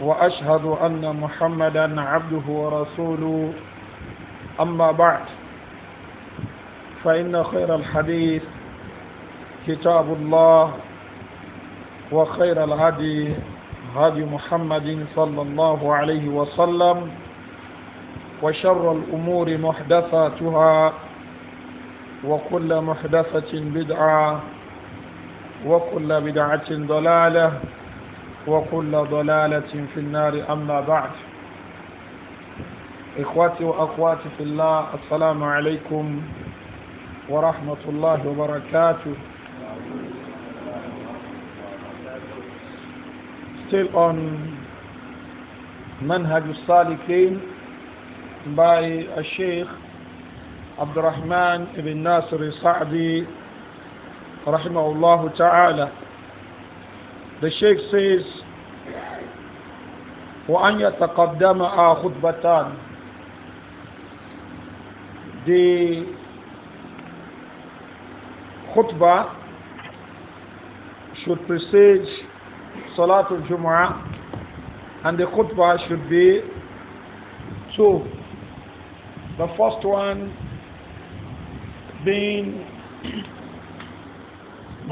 وأشهد أن محمدا عبده ورسوله أما بعد فإن خير الحديث كتاب الله وخير الهدي هدي محمد صلى الله عليه وسلم وشر الأمور محدثاتها وكل محدثة بدعة وكل بدعة ضلالة وكل ضلالة في النار أما بعد إخواتي وأخواتي في الله السلام عليكم ورحمة الله وبركاته Still on منهج السالكين by الشيخ عبد الرحمن بن ناصر السعدي رحمه الله تعالى The Sheikh says, وأن يتقدم خطبتان The khutbah should precede Salatul Jumu'ah and the khutbah should be two. The first one being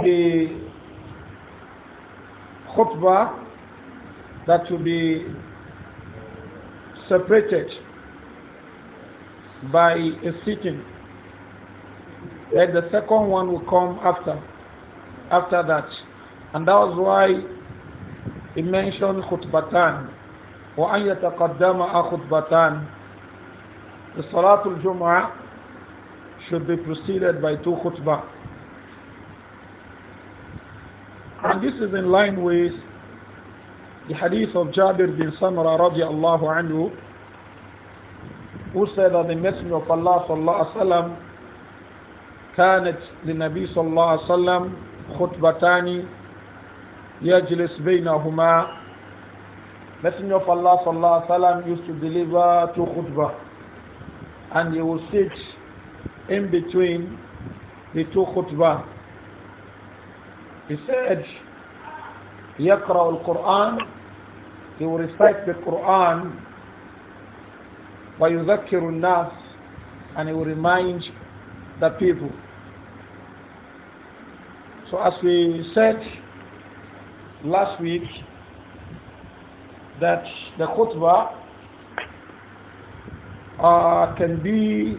the khutbah that will be separated by a sitting. Then the second one will come after, after that. And that was why he mentioned khutbatan. وأن يتقدم خطبتان The Salatul Jum'ah should be preceded by two khutbah. And this is in line with the hadith of Jabir bin Samra radiallahu anhu, who said that the Messenger of Allah sallallahu alaihi wasallam كانت للنبي صلى الله عليه وسلم خطبتان يجلس بينهما Messenger of Allah صلى الله عليه وسلم used to deliver two khutbah and he would sit in between the two khutbah he said, يقرأ القرآن He will recite the Quran ويذكر الناس and he will remind the people. So as we said last week that the khutbah uh, can be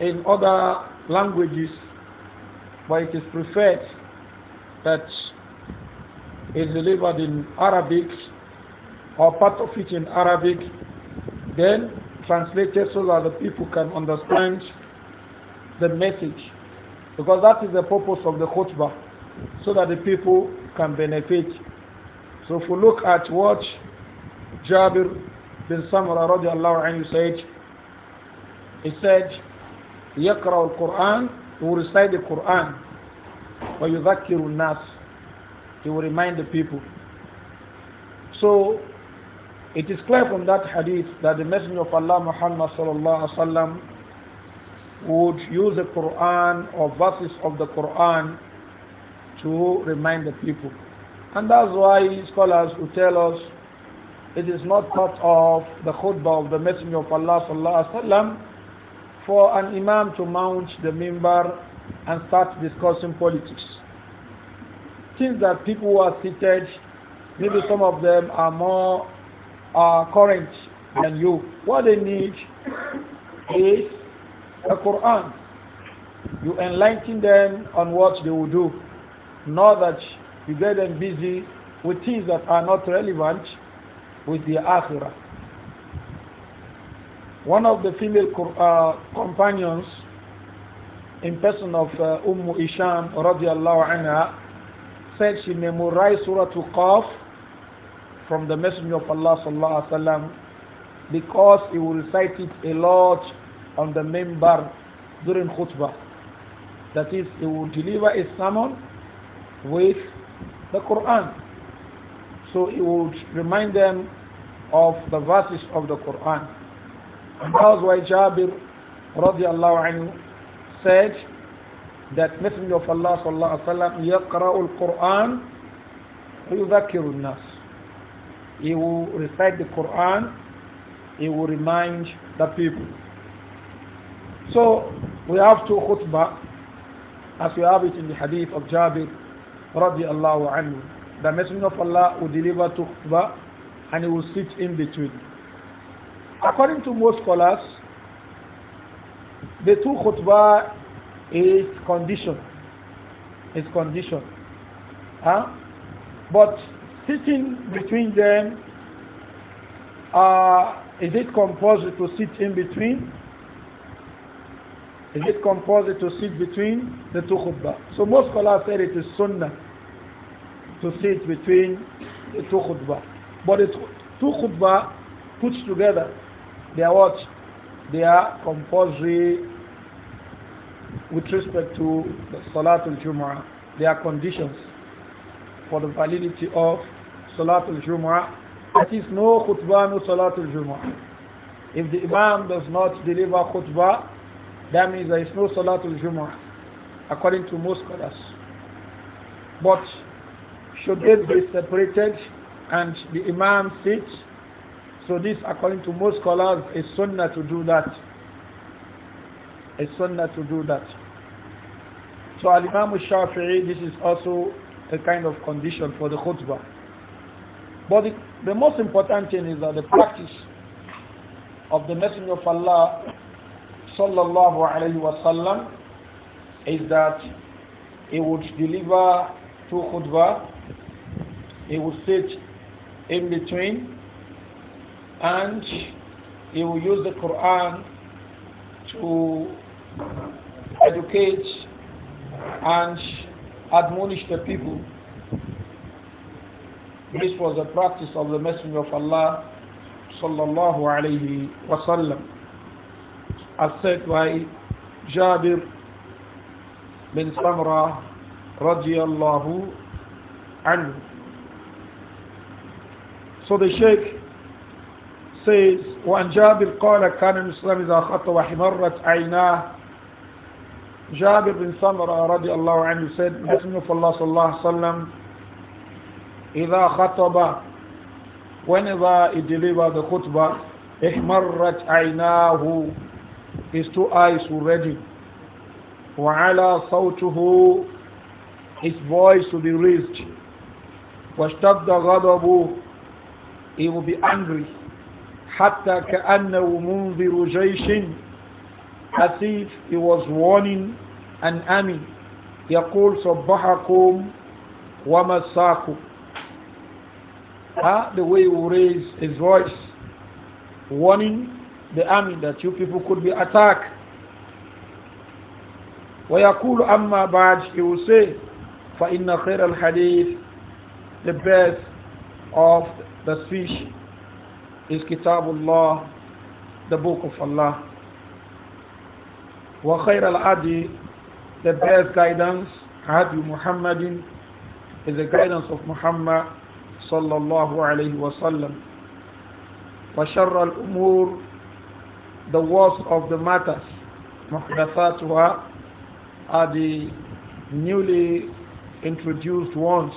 in other languages but it is preferred that is delivered in Arabic or part of it in Arabic, then translated so that the people can understand the message. Because that is the purpose of the khutbah, so that the people can benefit. So if we look at what Jabir bin Samra radiallahu anhu said, he said, يقرأ القرآن, he will recite the Quran. وَيُذَكِّرُ النَّاسِ He will remind the people. So, it is clear from that hadith that the Messenger of Allah Muhammad sallallahu alaihi wasallam would use the Quran or verses of the Quran to remind the people. And that's why scholars who tell us it is not part of the khutbah of the Messenger of Allah sallallahu alaihi wasallam for an imam to mount the mimbar and start discussing politics. Things that people who are seated, maybe some of them are more uh, current than you. What they need is the Quran. You enlighten them on what they will do, not that you get them busy with things that are not relevant with the Akhirah. One of the female uh, companions in person of uh, Umm Isham radiallahu anha said she memorized Surah Qaf from the Messenger of Allah sallallahu wasallam because he will recite it a lot on the member during khutbah. That is, he will deliver a sermon with the Quran. So he would remind them of the verses of the Quran. And that's why Jabir radiallahu anhu said that Messenger of Allah sallallahu alaihi wasallam يقرأ القرآن ويذكر الناس He will recite the Quran, he will remind the people. So we have two khutbah as we have it in the hadith of Jabir radiallahu anhu. The Messenger of Allah will deliver two khutbah and he will sit in between. According to most scholars, the two khutbah is condition. Is condition. Huh? But sitting between them, uh, is it compulsory to sit in between? Is it compulsory to sit between the two khutbah? So most scholars say it is sunnah to sit between the two khutbah. But the two khutbah put together, they are what? They are compulsory with respect to Salatul Jumu'ah, there are conditions for the validity of Salatul Jumu'ah. That is no khutbah, no Salatul Jumu'ah. If the Imam does not deliver khutbah, that means there is no Salatul Jumu'ah, according to most scholars. But should it be separated and the Imam sit? So this, according to most scholars, is sunnah to do that. A sunnah to do that. So Al-Imam Shafi'i, this is also a kind of condition for the khutbah. But the, the most important thing is that the practice of the Messenger of Allah sallallahu alayhi wasallam is that he would deliver two khutbah, he would sit in between and he will use the Quran to educate and admonish the people. This was a practice of the Messenger of Allah sallallahu alayhi wasallam as said by Jabir bin Samra radiallahu anhu. So the Sheikh says, وعن جابر قال كان الإسلام إذا خطب وَحِمَرَتْ عيناه جابر بن سمرة رضي الله عنه سيد بسمه الله صلى الله عليه وسلم إذا خطب when إذا delivered the خطبة احمرت عيناه his two eyes were ready وعلى صوته his voice to be raised واشتد غضبه he will be angry حتى كأنه منذر جيش as if he was warning an army. يقول صبحكم ومساكم Ah, the way he raised his voice, warning the army that you people could be attacked. ويقول أما بعد he will say فإن خير الحديث the best of the speech is كتاب الله the book of Allah وخير الهدي the best guidance هدي محمد is the guidance of Muhammad صلى الله عليه وسلم وشر الأمور the worst of the matters محدثاتها are the newly introduced ones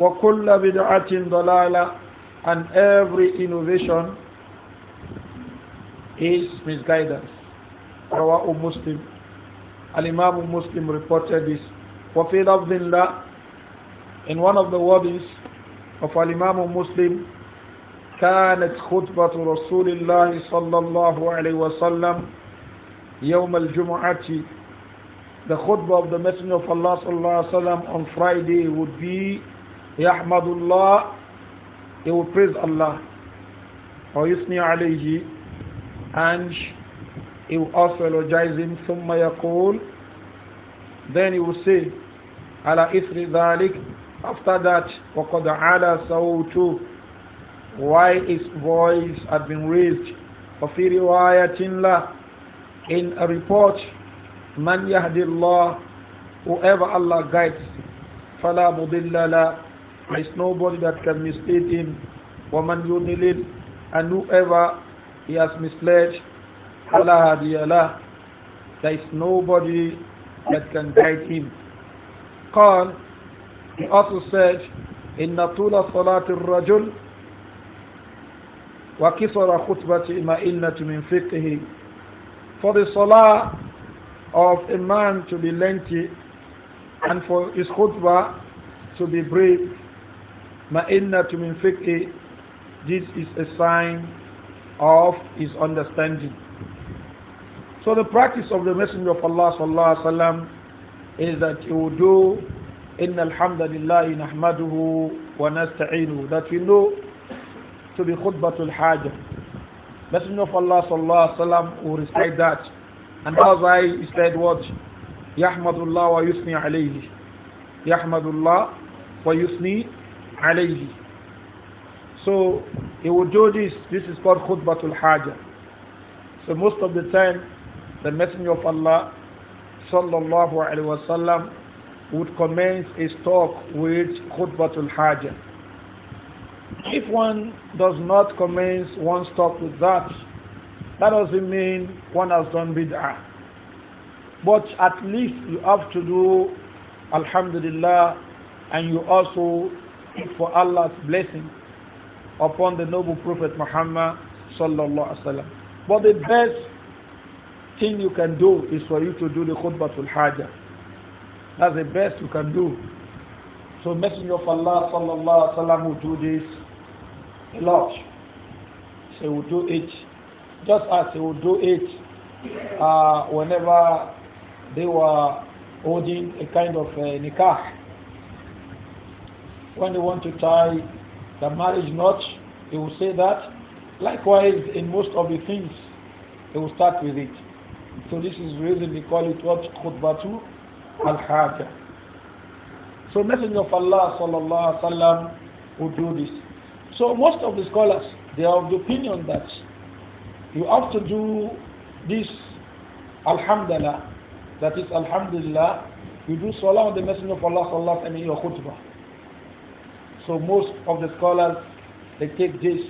وكل بدعة ضلالة and every innovation is misguidance Rawahu Muslim. Al-Imam Muslim reported this. وَفِي لَفْظٍ لَا In one of the words of Al-Imam Muslim, كانت خطبة رسول الله صلى الله عليه وسلم يوم الجمعة The khutbah of the Messenger of Allah صلى الله عليه وسلم on Friday would be يحمد الله He would praise Allah ويثني عليه and he will also eulogize him, ثُمَّ يَقُولُ Then he will say, عَلَى إِثْرِ ذَلِكَ After that, وَقَدْ عَلَى too, Why his voice had been raised? وَفِي رِوَايَةٍ لَهُ In a report, مَنْ يَهْدِ اللَّهُ Whoever Allah guides, فَلَا مُضِلَّ لَهُ There is nobody that can mislead him. وَمَنْ يُضِلِلْ And whoever he has misled, فلا هادي له There is nobody that can guide him. قال He also said إن طول صلاة الرجل وكسر خطبة إمائنة من فقه For the salah of a man to be lengthy and for his khutbah to be brief مَئِنَّةُ مِنْ فِقْهِ This is a sign of his understanding. So the practice of the Messenger of Allah sallallahu alaihi wasallam is that he will do إن الحمد لله نحمده ونستعينه that we know to be khutbatul hajj Messenger of Allah sallallahu alaihi wasallam will recite that and as I said what يحمد الله ويثني عليه يحمد wa yusni alayhi. so he will do this this is called khutbatul hajj so most of the time the Messenger of Allah sallallahu alaihi wasallam would commence his talk with khutbatul hajj. If one does not commence one's talk with that, that doesn't mean one has done bid'ah. But at least you have to do alhamdulillah and you also seek for Allah's blessing upon the noble Prophet Muhammad sallallahu alaihi wasallam. But the best thing you can do is for you to do the khutbatul hajj That's the best you can do. So Messenger of Allah sallallahu alaihi wasallam will do this a lot. So he will do it just as he will do it uh, whenever they were holding a kind of a nikah. When they want to tie the marriage knot, he will say that. Likewise, in most of the things, he will start with it. So this is reason we call it what? Khutbatu al-Haja. So Messenger of Allah sallallahu alaihi wasallam would do this. So most of the scholars, they are of the opinion that you have to do this Alhamdulillah, that is Alhamdulillah, you do Salah on the Messenger of Allah sallallahu alaihi wasallam in your khutbah. So most of the scholars, they take this,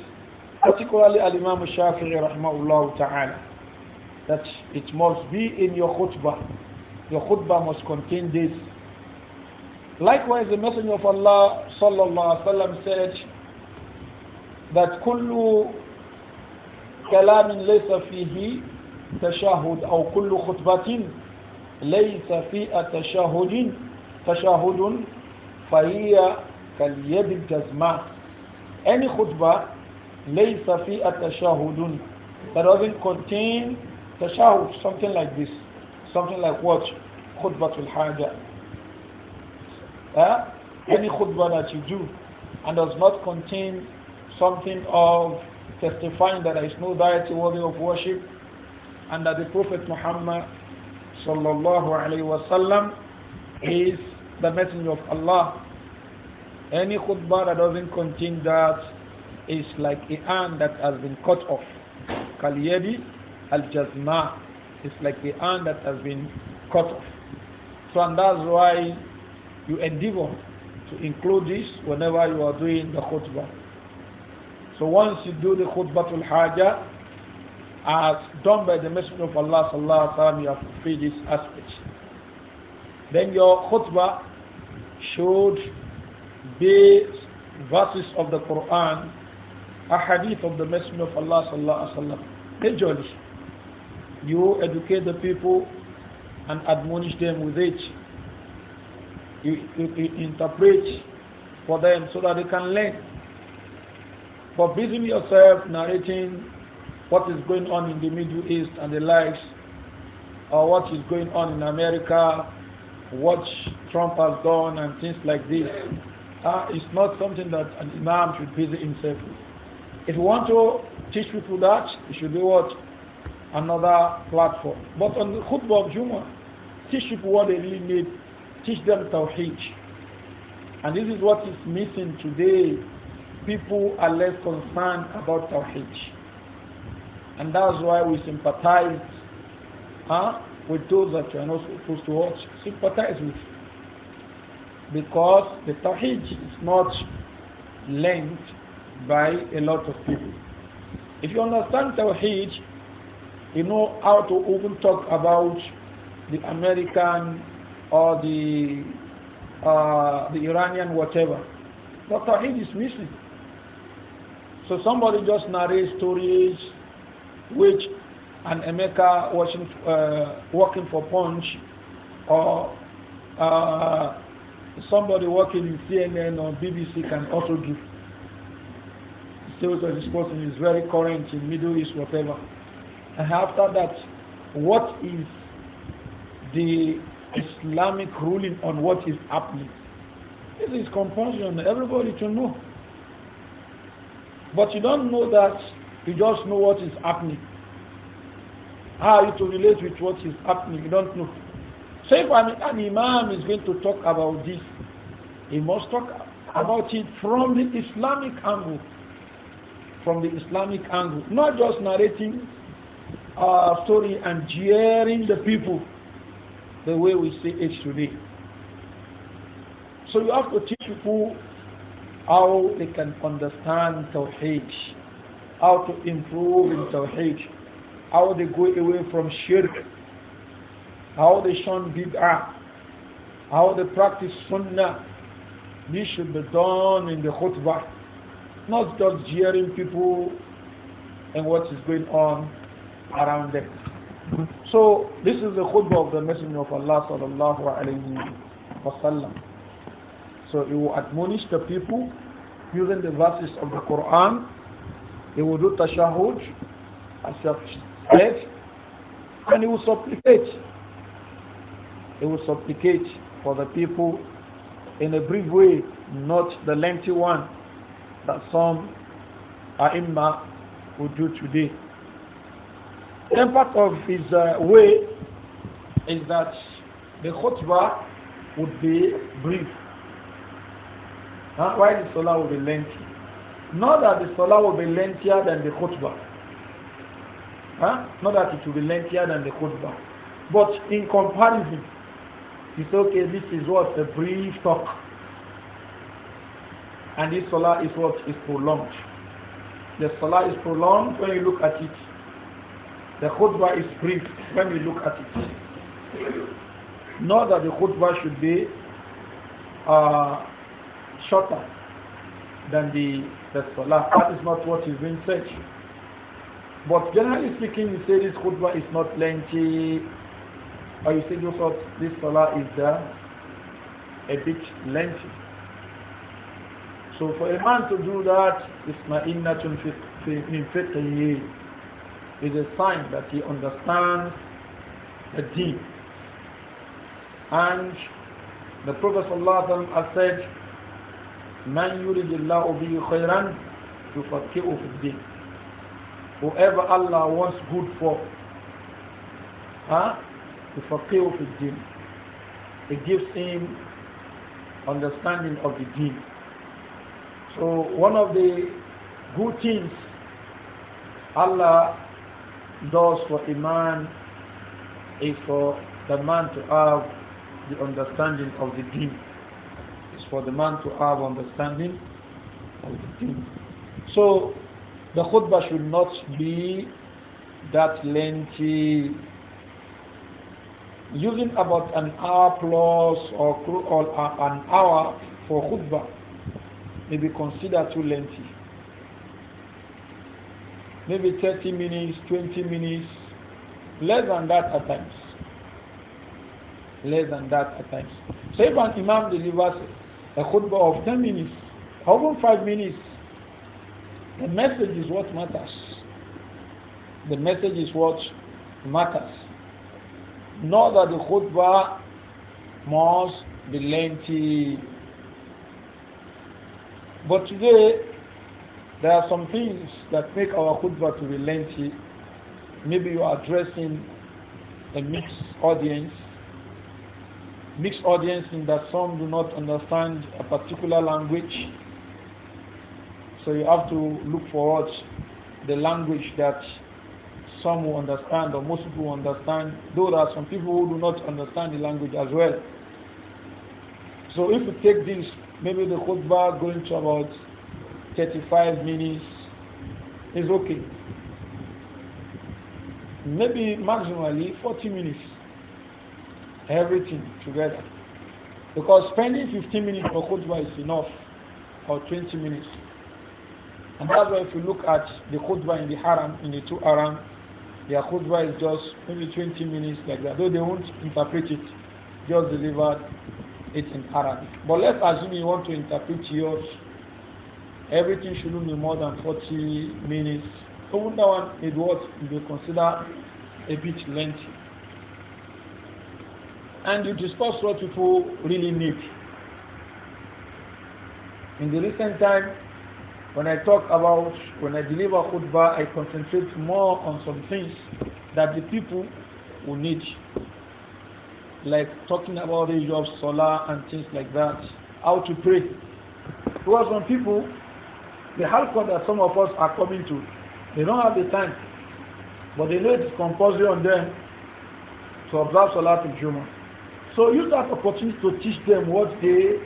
particularly Al-Imam Shafi'i rahmahullah ta'ala that it must be in your khutbah. Your khutbah must contain this. Likewise, the Messenger of Allah sallallahu alaihi wasallam said that kullu كلام ليس فيه تشهد أو كل خطبة ليس فيها تشهد تشهد فهي كاليد الجزماء any خطبة ليس فيها تشهد that doesn't contain Tashahud, something like this. Something like what? Khutbatul Haja. Yeah, Any khutbah that you do and does not contain something of testifying that there is no deity worthy of worship and that the Prophet Muhammad sallallahu alayhi wasallam is the messenger of Allah. Any khutbah that doesn't contain that is like a hand that has been cut off. Kaliyadi al-jazma. It's like the hand that has been cut off. So and that's why you endeavor to include this whenever you are doing the khutbah. So once you do the al haja, as done by the Messenger of Allah sallallahu alaihi wasallam, you have fulfilled this aspect. Then your khutbah should be verses of the Quran, a hadith of the Messenger of Allah sallallahu alaihi wasallam, majorly you educate the people and admonish them with it. You, you, you, interpret for them so that they can learn. But busy yourself narrating what is going on in the Middle East and the likes, or what is going on in America, what Trump has done, and things like this, uh, it's not something that an imam should busy himself with. If you want to teach people that, you should do what? another platform. But on the khutbah of Jumu'ah, teach people what they really need, teach them tawheed. And this is what is missing today. People are less concerned about tawheed. And that's why we sympathize huh, with those that you are not supposed to watch, sympathize with. Because the tawheed is not learned by a lot of people. If you understand tawheed, you know how to even talk about the American or the uh, the Iranian, whatever. But Tawheed is missing. So somebody just narrates stories which an Emeka uh, working for Punch or uh, somebody working in CNN or BBC can also give. Still, this person is very current in Middle East, whatever. And after that, what is the Islamic ruling on what is happening? This is compulsory on everybody to know. But you don't know that, you just know what is happening. How you to relate with what is happening, you don't know. So if an, an imam is going to talk about this, he must talk about it from the Islamic angle. From the Islamic angle, not just narrating our story and jeering the people the way we see it today. So you have to teach people how they can understand Tawheed, how to improve in Tawheed, how they go away from shirk, how they shun bid'ah, how they practice sunnah. This should be done in the khutbah, not just jeering people and what is going on around them. So this is the khutbah of the Messenger of Allah sallallahu alayhi wasallam. So he will admonish the people using the verses of the Quran. He will do tashahud, as you have said, and he will supplicate. He will supplicate for the people in a brief way, not the lengthy one that some ai would do today. Impact part of his uh, way is that the khutbah would be brief. Why the salah will be lengthy? Not that the salah will be lengthier than the khutbah. Huh? Not that it will be lengthier than the khutbah. But in comparison, it's okay, this is what a brief talk. And this salah is what is prolonged. The salah is prolonged when you look at it the khutbah is brief when we look at it. Not that the khutbah should be uh, shorter than the, the salah. That is not what is being said. But generally speaking, you say this khutbah is not lengthy, or you say you thought this salah is uh, a bit lengthy. So for a man to do that, it's my min fiqhi is a sign that he understands the deep. And the Prophet ﷺ has said, Man khayran Whoever Allah wants good for, huh? yufaqihu fid din. It gives him understanding of the deen. So one of the good things Allah those for a man is for the man to have the understanding of the deen. It's for the man to have understanding of the deen. So the khutbah should not be that lengthy. Using about an hour plus or uh, an hour for khutbah may be considered too lengthy maybe 30 minutes, 20 minutes, less than that at times. Less than that at times. So if an imam delivers a khutbah of 10 minutes, even 5 minutes, the message is what matters. The message is what matters. Not that the khutbah must be lengthy. But today, there are some things that make our khutbah to be lengthy. Maybe you are addressing a mixed audience. Mixed audience in that some do not understand a particular language. So you have to look for what the language that some will understand or most people will understand, though there are some people who do not understand the language as well. So if you take this, maybe the khutbah going to about 35 minutes is okay. Maybe maximally 40 minutes. Everything together. Because spending 15 minutes for khutbah is enough, or 20 minutes. And that's why if you look at the khutbah in the haram, in the two haram, their khutbah is just maybe 20 minutes like that. Though they won't interpret it, just deliver it in haram. But let's assume you want to interpret yours everything shouldn't be more than 40 minutes. So that one it what you consider a bit lengthy. And you discuss what people really need. In the recent time, when I talk about, when I deliver khutbah, I concentrate more on some things that the people will need. Like talking about the issue of solar and things like that. How to pray. Because when people the halqa that some of us are coming to, they don't have the time, but they know it is compulsory on them to observe of Jummah. So use that opportunity to teach them what they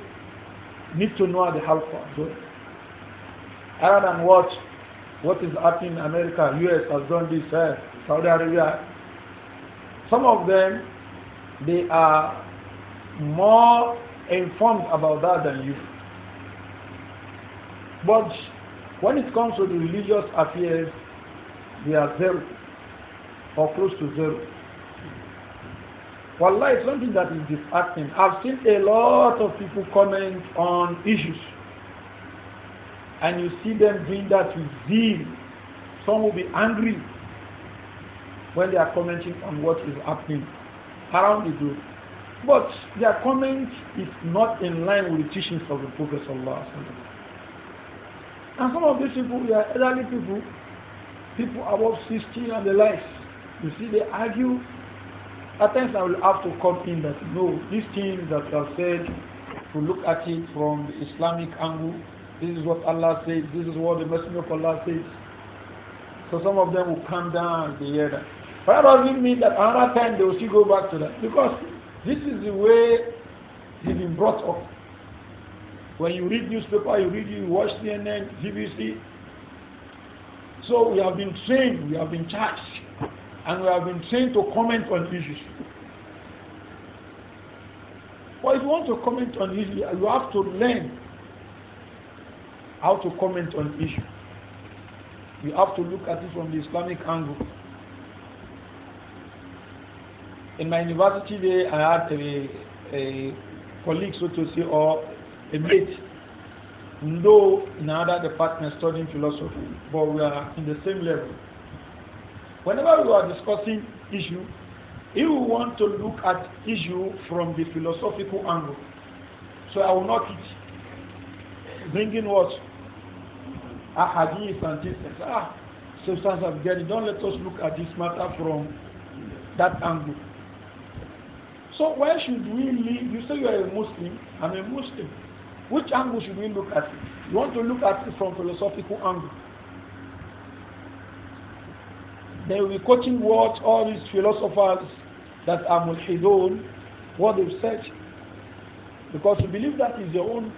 need to know at the halqa. So, other than what what is happening in America, US has done this, uh, Saudi Arabia. Some of them, they are more informed about that than you. But when it comes to the religious affairs, they are zero or close to zero. Wallah is something that is disheartening. I've seen a lot of people comment on issues. And you see them doing that with zeal. Some will be angry when they are commenting on what is happening around the group. But their comment is not in line with the teachings of the Prophet. And some of these people, they are elderly people, people above 60 and the likes. You see, they argue. At times I will have to come in that, no, these things that you have said, to look at it from the Islamic angle, this is what Allah says, this is what the Messenger of Allah says. So some of them will come down and they hear that. But that doesn't mean that another time they will still go back to that. Because this is the way they've been brought up. When you read newspaper, you read, you watch CNN, BBC. So we have been trained, we have been charged, and we have been trained to comment on issues. But if you want to comment on issues, you have to learn how to comment on issues. You have to look at it from the Islamic angle. In my university day, I had a, a colleague, so to say, or a mate though in other departments studying philosophy, but we are in the same level. Whenever we are discussing issue, if we want to look at issue from the philosophical angle, so I will not teach bringing what a ah, hadith and this and ah substance of getting. Don't let us look at this matter from that angle. So why should we leave? You say you are a Muslim. I'm a Muslim. Which angle should we look at You want to look at it from philosophical angle. They will be quoting what all these philosophers that are mulhidun, what they've said. Because you believe that is your own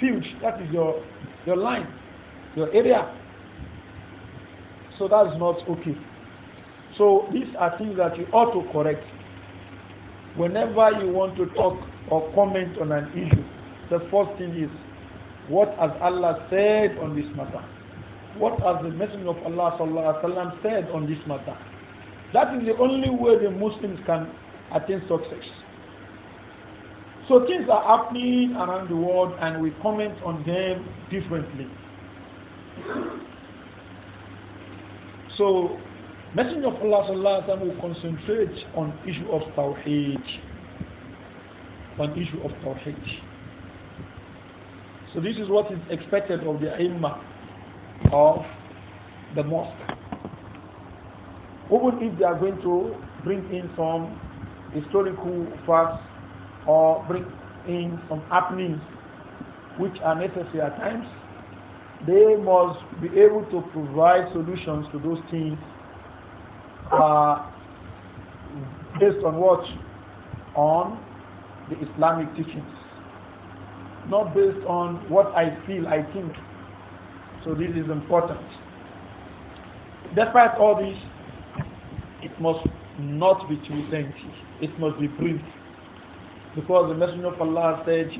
field, that is your, your line, your area. So that's not okay. So these are things that you ought to correct whenever you want to talk or comment on an issue. The first thing is, what has Allah said on this matter? What has the Messenger of Allah وسلم, said on this matter? That is the only way the Muslims can attain success. So things are happening around the world and we comment on them differently. So Messenger of Allah وسلم, will concentrate on issue of Tawheed. On issue of Tawheed. So this is what is expected of the imam of the mosque. Even if they are going to bring in some historical facts or bring in some happenings which are necessary at times, they must be able to provide solutions to those things uh, based on what? On the Islamic teachings not based on what I feel, I think. So this is important. Despite all this, it must not be too lengthy. It must be brief. Because the Messenger of Allah said,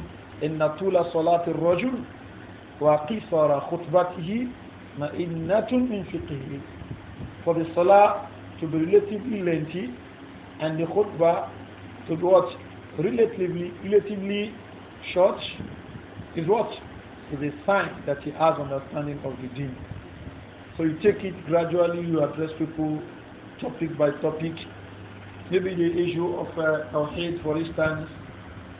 إن طول صلاة الرجل وقصر خطبته مئنة من فقهه For the salah to be relatively lengthy and the khutbah to be what? Relatively, relatively short is what? Is a sign that he has understanding of the deen. So you take it gradually, you address people topic by topic. Maybe the issue of uh, Tawheed, for instance,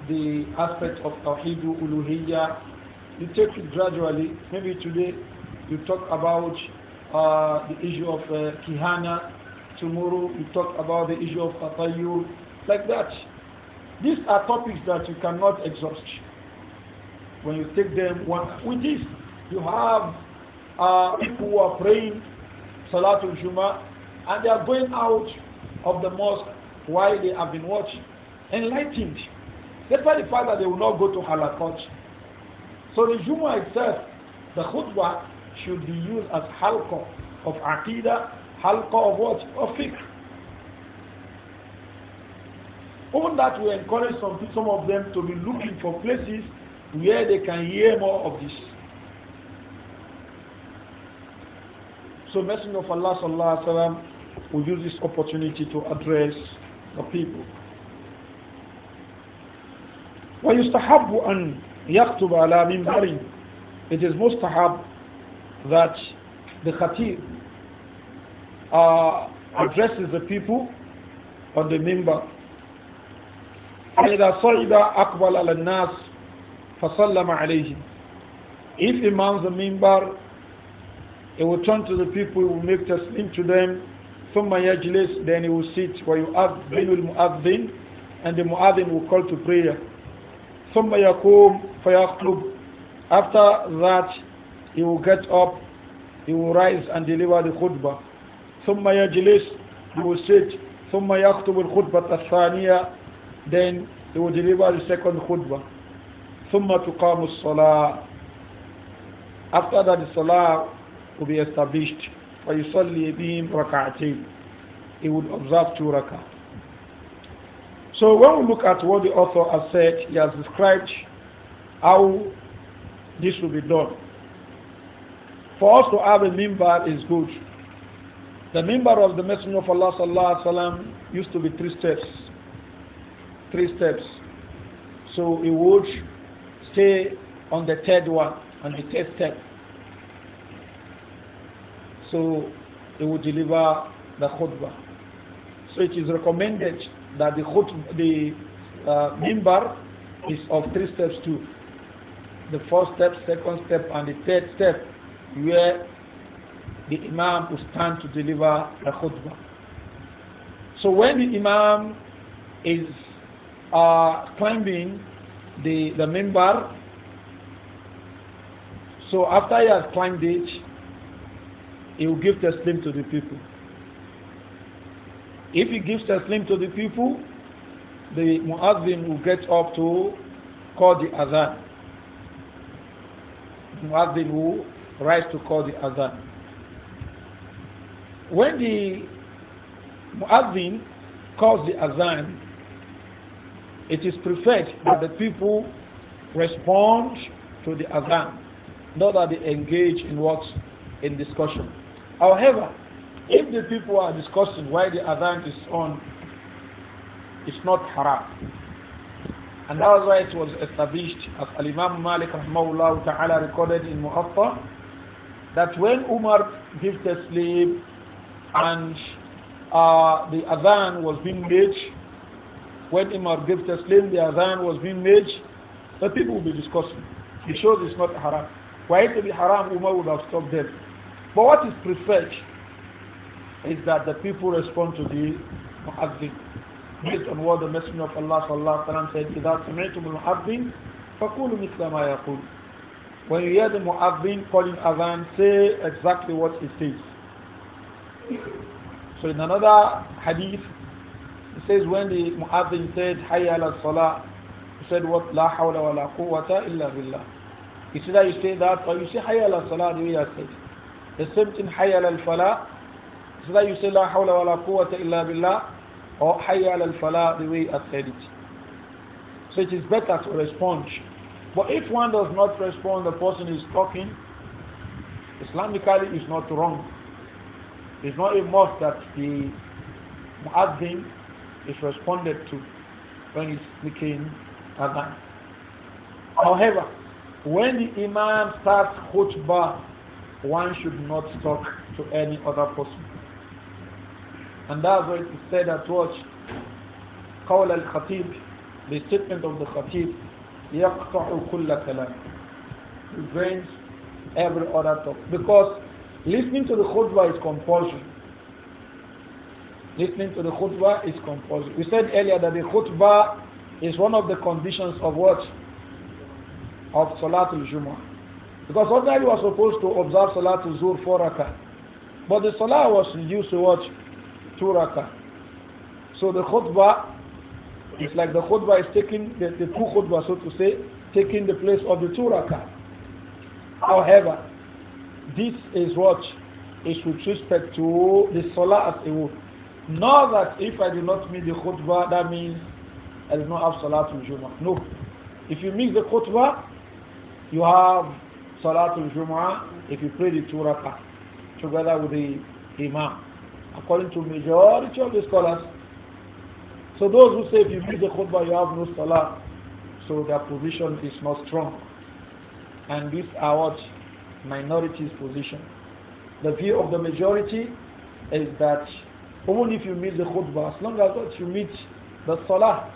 the aspect of Tawheed Uluhiyya. You take it gradually. Maybe today you talk about uh, the issue of uh, Kihana. Tomorrow you talk about the issue of Atayyur. Like that. These are topics that you cannot exhaust when you take them one. With this, you have uh, people who are praying Salatul Juma and they are going out of the mosque while they have been watching, enlightened. That's why the fact that they will not go to halakot. So the Juma itself, the khutbah, should be used as halqa of aqidah, halqa of what? Of fiqh. Even that will encourage some, some of them to be looking for places where they can hear more of this. So Messenger of Allah sallallahu alaihi wasallam will use this opportunity to address the people. ويستحب أن يخطب على منبر It is mustahab that the khatib uh, addresses the people on the minbar فإذا صعد أقبل على الناس فسلم عليهم If Imam the Mimbar, he will turn to the people, he will make taslim to them, ثم يجلس, then he will sit, you ويؤذن المؤذن, and the muadhin will call to prayer. ثم يقوم فيخطب. After that, he will get up, he will rise and deliver the khutbah. ثم يجلس, he will sit, ثم يخطب الخطبة الثانية, then he will deliver the second khutbah. come تقام salah. After that the salah will be established. فيصلي بهم ركعتين He would observe two rak'ah. So when we look at what the author has said, he has described how this will be done. For us to have a mimbar is good. The mimbar of the Messenger of Allah sallallahu alaihi wasallam used to be three steps three steps. So he would stay on the third one, on the third step. So he would deliver the khutbah. So it is recommended that the khutbah, the uh, mimbar is of three steps too. The first step, second step, and the third step, where the imam will stand to deliver the khutbah. So when the imam is climbing the, the minbar. So after he has climbed it, he will give taslim to the people. If he gives taslim to the people, the muazzin will get up to call the azan. Muazzin will rise to call the azan. When the muazzin calls the azan it is preferred that the people respond to the adhan, not that they engage in what in discussion. However, if the people are discussing why the adhan is on, it's not haram. And that's why it was established, as Al Imam Malik rahmahullah ta'ala recorded in Mu'atta, that when Umar gives the slave and uh, the adhan was being made, when Imam gave the the Azan was being made, the people will be discussing. It shows it's not haram. Why it to be haram, Umar would have stopped them. But what is preferred is that the people respond to the hadith based on what the Messenger of Allah sallallahu said, إِذَا سَمِعْتُمُ الْمُعَذِّنِ مِثْلَ مَا يَقُولُ When you hear the Muazzin calling Azan, say exactly what he says. So in another hadith, he says when the Mu'adhin said, Hayya ala salah, he said what? La hawla wa la quwwata illa billah. He said, you say that or you say Hayya ala salah the way I said. The same thing Hayya ala falah. He either you say La hawla wa la quwwata illa billah or Hayya ala falah the way I said it. So it is better to respond. But if one does not respond, the person is talking. Islamically, it's not wrong. It's not a must that the Mu'adhin is responded to when he's making adhan. However, when the imam starts khutbah, one should not talk to any other person. And that's why it said that watch al Khatib, the statement of the khatib يقطع كل كلام prevents every other talk because listening to the khutbah is compulsory. Listening to the khutbah is compulsory. We said earlier that the khutbah is one of the conditions of what? Of Salatul Jummah. Because ordinarily you are supposed to observe Salatul Zuhr four rakah. But the Salah was reduced to what? Two rakah. So the khutbah is like the khutbah is taking, the, the two khutbah, so to say, taking the place of the two rakah. However, this is what is should respect to the Salah as a whole. Know that if I do not meet the khutbah, that means I do not have Salatul Jumu'ah. No. If you miss the khutbah, you have Salatul Jumu'ah if you pray the two rakah together with the Imam. According to majority of the scholars. So those who say if you miss the khutbah, you have no Salah. So their position is not strong. And these are what? Minority's position. The view of the majority is that even if you miss the khutbah, as long as you meet the salah,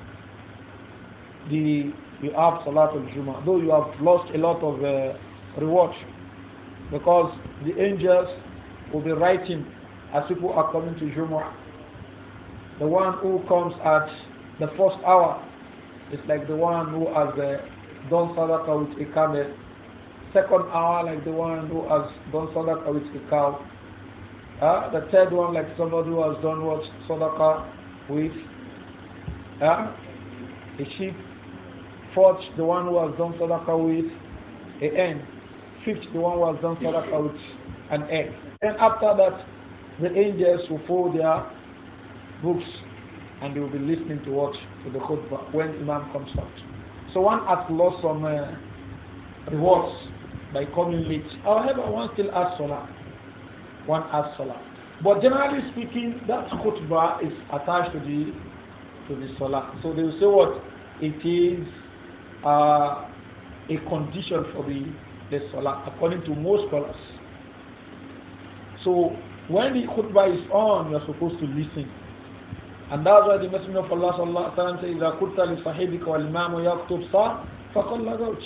the, you have salah al jumah though you have lost a lot of uh, reward because the angels will be writing as people are coming to Jumah. The one who comes at the first hour is like the one who has uh, done sadaqah with a camel. Second hour like the one who has done sadaqah with a cow. Uh, the third one, like somebody who has done what? Sadaqah with uh, a sheep. Fourth, the one who has done Sadaqah with a hen. Fifth, the one who has done Sadaqah with an egg. And after that, the angels will fold their books and they will be listening to what? To the khutbah when Imam comes out. So one has lost some uh, rewards by coming late. However, one still has Salah one has salah. But generally speaking, that khutbah is attached to the to the salah. So they will say what it is uh, a condition for the the salah, according to most scholars. So when the khutbah is on, you are supposed to listen. And that's why the Messenger of Allah sallallahu alaihi wasallam says, "إذا كنت لصاحبك والإمام يكتب صار فقل له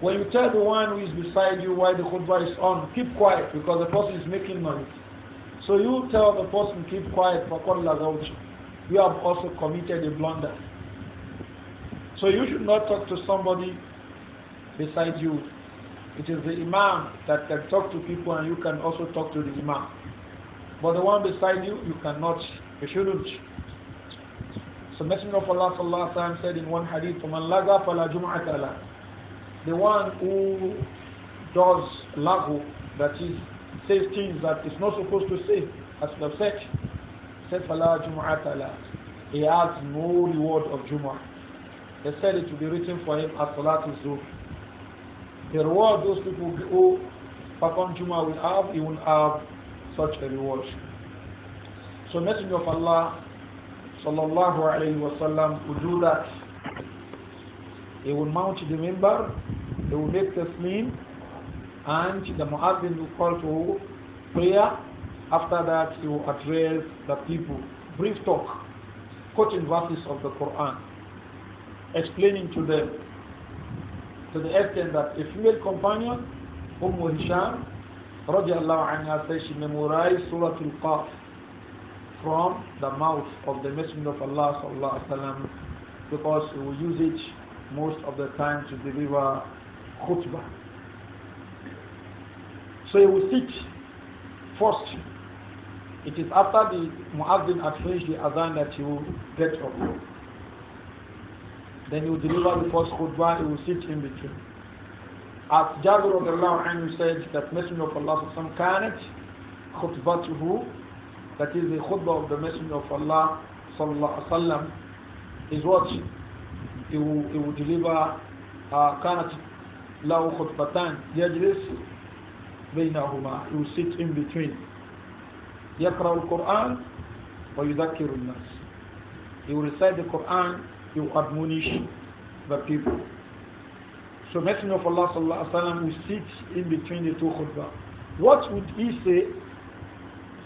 when you tell the one who is beside you why the khutbah is on, keep quiet because the person is making noise. So you tell the person keep quiet for You have also committed a blunder. So you should not talk to somebody beside you. It is the imam that can talk to people and you can also talk to the imam. But the one beside you, you cannot, you shouldn't. So Messenger of Allah sallallahu said in one hadith, "Man laga fala jum'ata the one who does lago, that is, says things that is not supposed to say, as we have said, said Fala Jumu'atala, he has no reward of Juma. They said it to be written for him as Salatul Zuhr. The reward those people who perform Jumu'ah will have, he will have such a reward. So Messenger of Allah sallallahu alayhi wa sallam would do that. He would mount the member they will make taslim and the muazzin will call for prayer. After that, he will address the people. Brief talk, quoting verses of the Quran, explaining to them to the extent that a female companion, Umm Hisham, radiallahu anha, says she memorized Surah Al-Qaf from the mouth of the Messenger of Allah sallallahu alaihi wasallam because we use it most of the time to deliver khutbah. So you will sit first. It is after the muadhin has finished the adhan that you will get up. Then you will deliver the first khutbah, You will sit in between. As Jabir anhu said that Messenger of Allah kanat khutbatuhu, that is the khutbah of the Messenger of Allah sallallahu alaihi wasallam, is what he will, he will deliver uh, له خطبتان يجلس بينهما he will sit in between يقرأ القرآن ويذكر الناس he will recite the Quran he will admonish the people so Messenger of Allah sallallahu alaihi wasallam will sit in between the two khutbah what would he say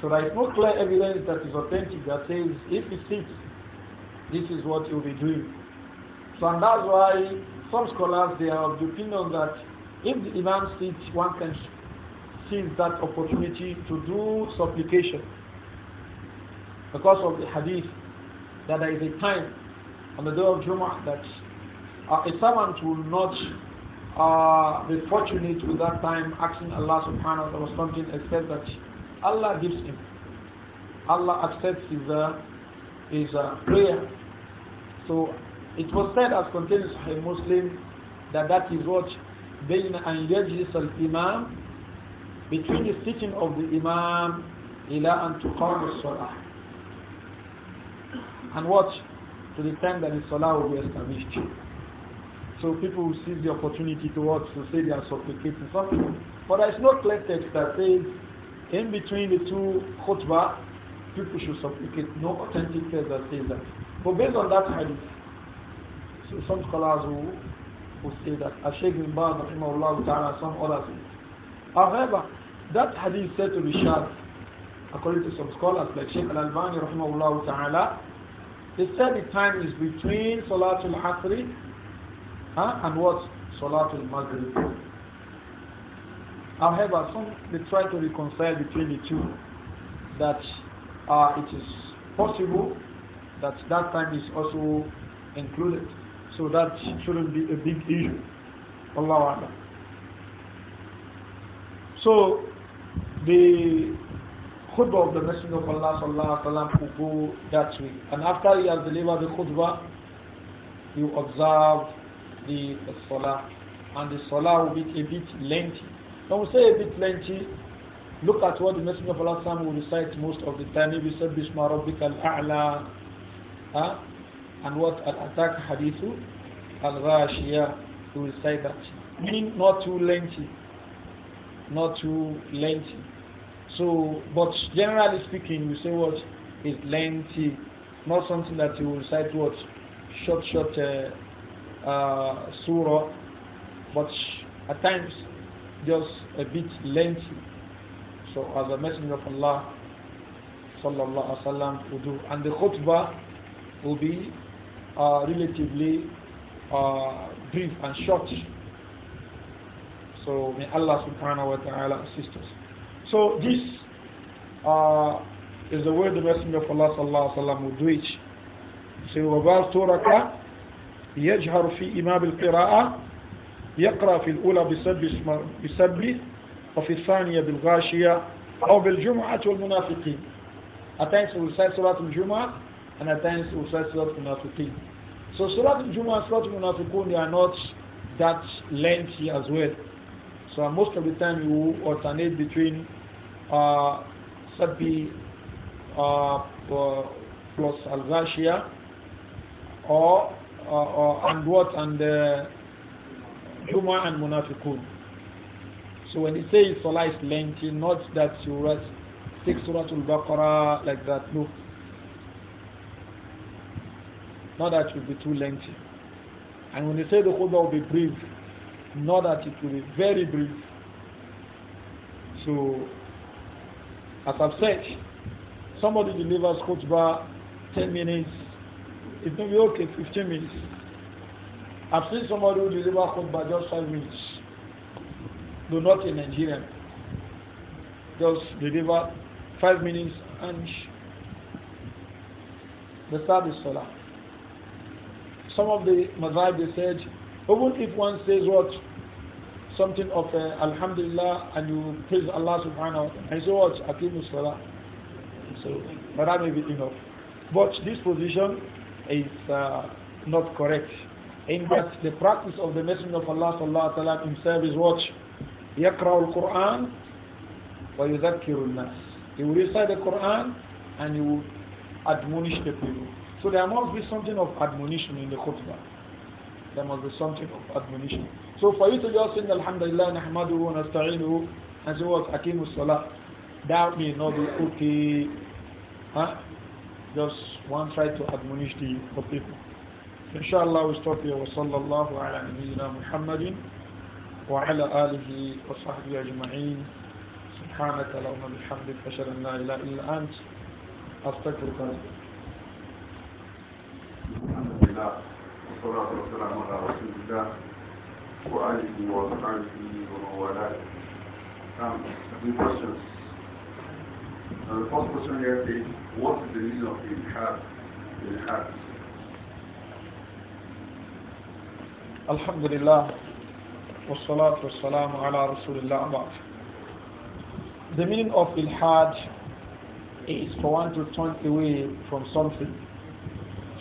so there is no clear evidence that is authentic that says if he sits this is what he will be doing so and that's why some scholars they are of the opinion that if the imam sits, one can seize that opportunity to do supplication because of the hadith that there is a time on the day of Jumu'ah that uh, a servant will not uh, be fortunate with that time asking Allah subhanahu wa ta'ala something except that Allah gives him. Allah accepts his, uh, his uh, prayer. So it was said as contained in Sahih Muslim that that is what بين أن يجلس Imam between the sitting of the Imam إلى أن تقام Salah and watch to the time that the Salah will be established. So people will seize the opportunity to watch to say they are supplicating something. But there is no clear text that says in between the two khutbah people should supplicate. No authentic text that says that. But based on that hadith, some scholars who who say that Sheikh bin Baz rahimahullah ta'ala some others. However, that hadith said to be shared according to some scholars like Sheikh Al-Albani rahimahullah ta'ala, they said the time is between Salatul Asri huh, and what? Salatul Maghrib. However, some they try to reconcile between the two that uh, it is possible that that time is also included. So that shouldn't be a big issue. Allah Allah. So the khutbah of the Messenger of Allah sallallahu alaihi wasallam will go that way. And after he has delivered the khutbah, you observe the, salah. And the salah will be a bit lengthy. When we say a bit lengthy, look at what the Messenger of Allah will recite most of the time. We say, Bismillah Rabbika al-A'la. Huh? and what al-attack hadithu al-ghashiyah. who will say that. Meaning not too lengthy. Not too lengthy. So, but generally speaking, we say what is lengthy, not something that you will cite what short, short uh, uh, surah, but at times just a bit lengthy. So, as a messenger of Allah, sallallahu alaihi wasallam, do, and the khutbah will be uh, relatively uh, brief and short. So may Allah subhanahu wa ta'ala assist us. So this uh, is the word the Messenger of Allah sallallahu alayhi wa would reach. So وَبَارْتُورَكَ يَجْهَرُ فِي إِمَامِ الْقِرَاءَ يَقْرَأ فِي الْأُولَى بِسَبِّ وفي الثانية بالغاشية أو بالجمعة والمنافقين. At times we recite Surah al-Jum'ah and at times we recite Surah Munafiqun. So Surah Al-Jumu'ah and Surah Munafiqun, they are not that lengthy as well. So most of the time you alternate between uh, Sabbi uh, plus Al-Ghashiyah or, uh, or, and what and uh, Jumu'ah and Munafiqun. So when they say Salah is lengthy, not that you read six Surah Al-Baqarah like that, no not that it will be too lengthy. And when they say the khutbah will be brief, not that it will be very brief. So, as I've said, somebody delivers khutbah 10 minutes, it may be okay, 15 minutes. I've seen somebody who delivers khutbah just 5 minutes, though not in Nigeria. Just deliver 5 minutes and the service salah some of the madhab they said, even if one says what something of uh, Alhamdulillah and you praise Allah subhanahu wa ta'ala, and so what? Akimu salah. So, but that may be enough. But this position is uh, not correct. In that the practice of the Messenger of Allah sallallahu alayhi wa himself is what? يقرأ Quran, ويذكر الناس. He will recite the Quran and he will admonish the people. So there must be something of admonition in the khutbah. There must be something of admonition. So for you to just sing Alhamdulillah, Nahmaduhu, Nasta'inuhu, and it what, Akimu Salah, that may not be okay. Huh? Just one try to admonish the, people. Inshallah we stop here. وصلى الله على نبينا محمد وعلى آله وصحبه أجمعين. سبحانك اللهم بحمدك أشهد أن لا إله إلا أنت أستغفرك الله والصلاة والسلام على رسول الله وآله وصحبه ومن والاه. Um, a few questions. Now the first question here is, what is the meaning of ilhad? Ilhad. الحمد لله والصلاة والسلام على رسول الله The meaning of ilhad is for one to turn away from something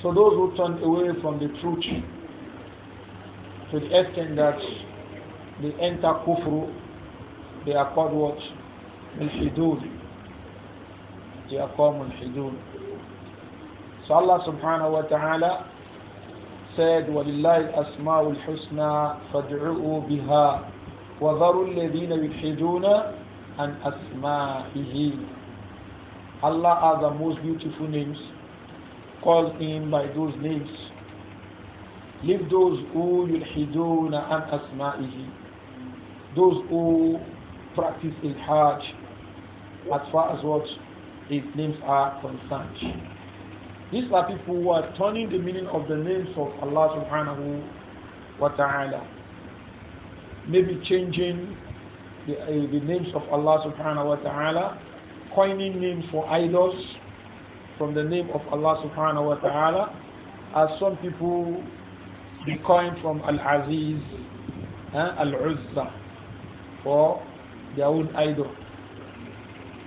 so those who turn away from the truth to the extent that they enter kufru, they are called what? Mulhidun. They are called mulhidun. So Allah subhanahu wa ta'ala said, وَلِلَّهِ الْأَسْمَاءُ الْحُسْنَى فَادْعُوهُ بِهَا وَذَرُوا الَّذِينَ يُلْحِدُونَ عَنْ أَسْمَائِهِ Allah has the most beautiful names call him by those names. Leave those who yulhiduna an asma'ihi. Those who practice ilhaj as far as what his names are concerned. These are people who are turning the meaning of the names of Allah subhanahu wa ta'ala. Maybe changing the, uh, the names of Allah subhanahu wa ta'ala, coining names for idols, from the name of Allah subhanahu wa ta'ala as some people they coined from Al-Aziz, eh, Al-Uzza for their own idol.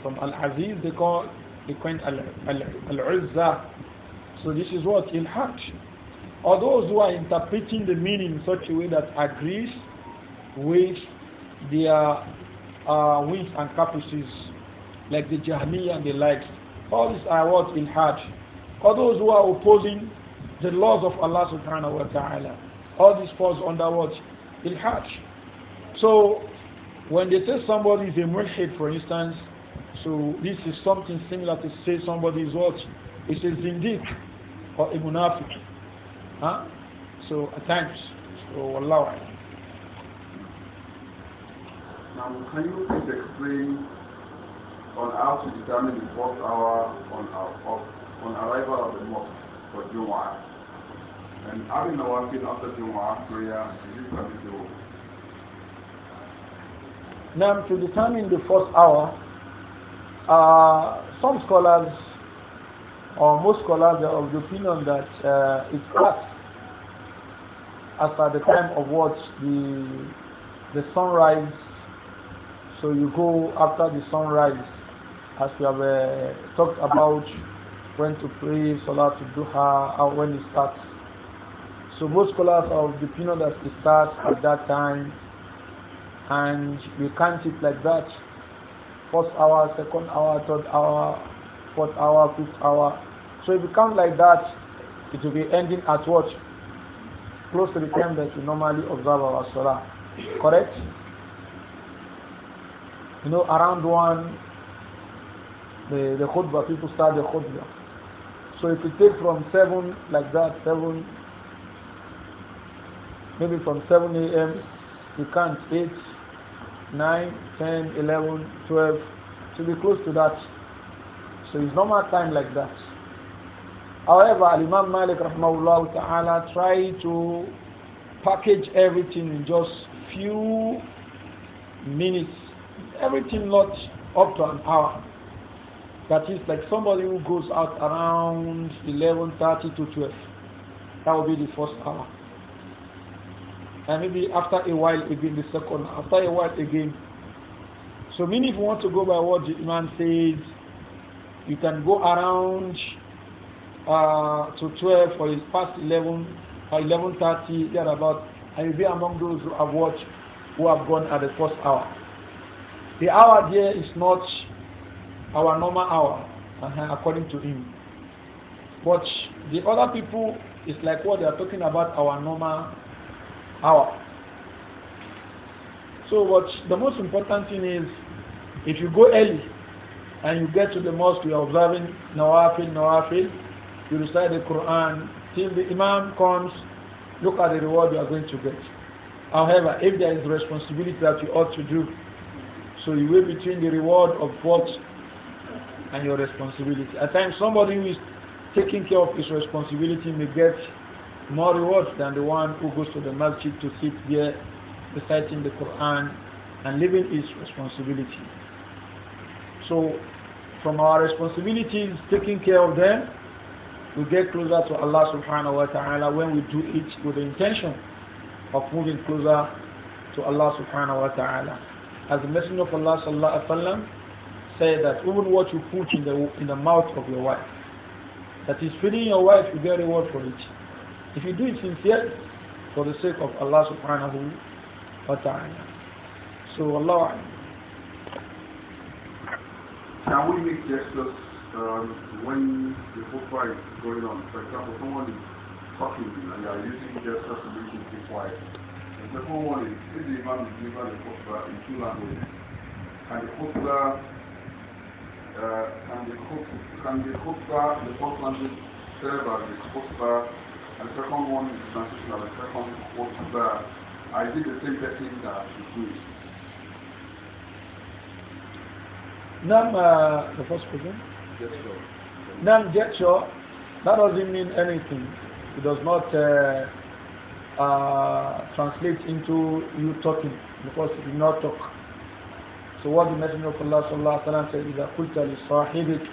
From Al-Aziz they call they call Al-Uzza. So this is what? in Hajj. Or those who are interpreting the meaning in such a way that agrees with their uh, wings and caprices like the Jahmiyyah and the likes. All these are what in Hajj. All those who are opposing the laws of Allah subhanahu wa ta'ala. All this falls under what? In Hajj. So when they say somebody is a mulhid, for instance, so this is something similar to say somebody is what? It's a zindiq or a munafiq. Huh? So at times. So Allah. Now, can you please explain on how to determine the first hour on, our, of, on arrival of the mosque for Jumu'ah. And having the one thing after Jumu'ah prayer is permissible. Now, to determine the first hour, uh, some scholars or most scholars are of the opinion that uh, it passed after the time of what the the sunrise. So you go after the sunrise as we have uh, talked about when to pray Salah to Duha when it starts. So most scholars are of the opinion that it starts at that time and we count it like that. First hour, second hour, third hour, fourth hour, fifth hour. So if we count like that, it will be ending at what? Close to the time that we normally observe our Salah. Correct? You know, around one the, the khutbah, people start the khutbah. So if you take from 7 like that, 7, maybe from 7 a.m., you can't eight, nine, 8, 9, 10, 11, 12, to be close to that. So it's normal time like that. However, Imam Malik rahmahullah ta'ala try to package everything in just few minutes. Everything not up to an hour. That is like somebody who goes out around 11.30 to 12. That will be the first hour. And maybe after a while again, the second. After a while again. So many if you want to go by what the man says, you can go around uh, to 12 or past 11 or uh, 11.30, thereabout, and you'll be among those who have watched, who have gone at the first hour. The hour there is not our normal hour, uh-huh, according to him. But the other people, it's like what they are talking about our normal hour. So what the most important thing is, if you go early and you get to the mosque, you are observing nawafil, nawafil, you recite the Quran, till the imam comes, look at the reward you are going to get. However, if there is responsibility that you ought to do, so you weigh between the reward of what and your responsibility. At times, somebody who is taking care of his responsibility may get more rewards than the one who goes to the masjid to sit there reciting the Quran and living his responsibility. So, from our responsibilities, taking care of them, we get closer to Allah subhanahu wa ta'ala when we do it with the intention of moving closer to Allah subhanahu wa ta'ala. As the Messenger of Allah sallallahu alaihi wasallam say that even what you put in the in the mouth of your wife, that is feeding your wife, you get reward for it. If you do it sincerely, for the sake of Allah subhanahu wa ta'ala. So Allah. Can we make gestures um, when the fight is going on? For example, someone is talking and they are using gestures to make him be quiet. The second one is if the imam is the khutbah in two languages and the khutbah uh, and the can the khutbah, the first one is serve as the khutbah, and the second one is transition as the second khutbah. I did the same thing that she did. Nam, uh, the first question? Yes, sure. Nam Jetsho, that doesn't mean anything. It does not uh, uh, translate into you talking because you did not talk. So what the Messenger of Allah sallallahu alaihi wasallam said is that قُلْتَ لِصَاحِبِكَ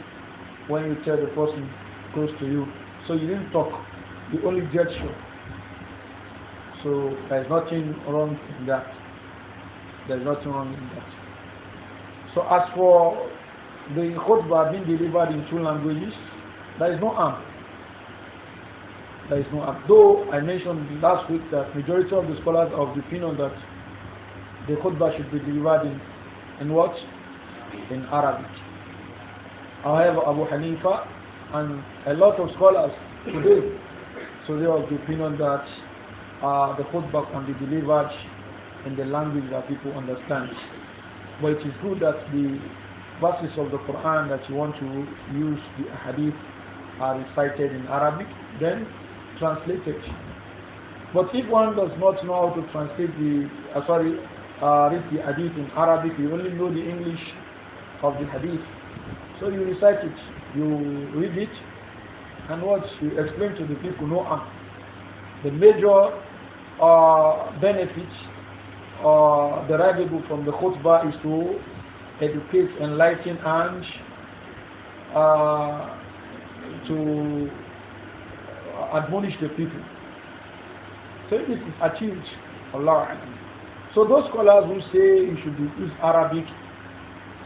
When you tell the person close to you. So you didn't talk. You only gesture. So there's nothing wrong in that. There's nothing wrong in that. So as for the khutbah being delivered in two languages, there is no harm. There is no harm. Though I mentioned last week that majority of the scholars are of the opinion that the khutbah should be delivered in in what? In Arabic. However, Abu Hanifa and a lot of scholars today, so they all of the opinion that uh, the khutbah can be delivered in the language that people understand. But it is good that the verses of the Quran that you want to use the hadith are recited in Arabic, then translated. But if one does not know how to translate the, uh, sorry, uh, read the hadith in Arabic, you only know the English of the hadith. So you recite it, you read it, and what you explain to the people, no The major uh, benefit uh, derivable from the khutbah is to educate, enlighten, and uh, to admonish the people. So this is achieved, Allah. So those scholars who say you should use Arabic,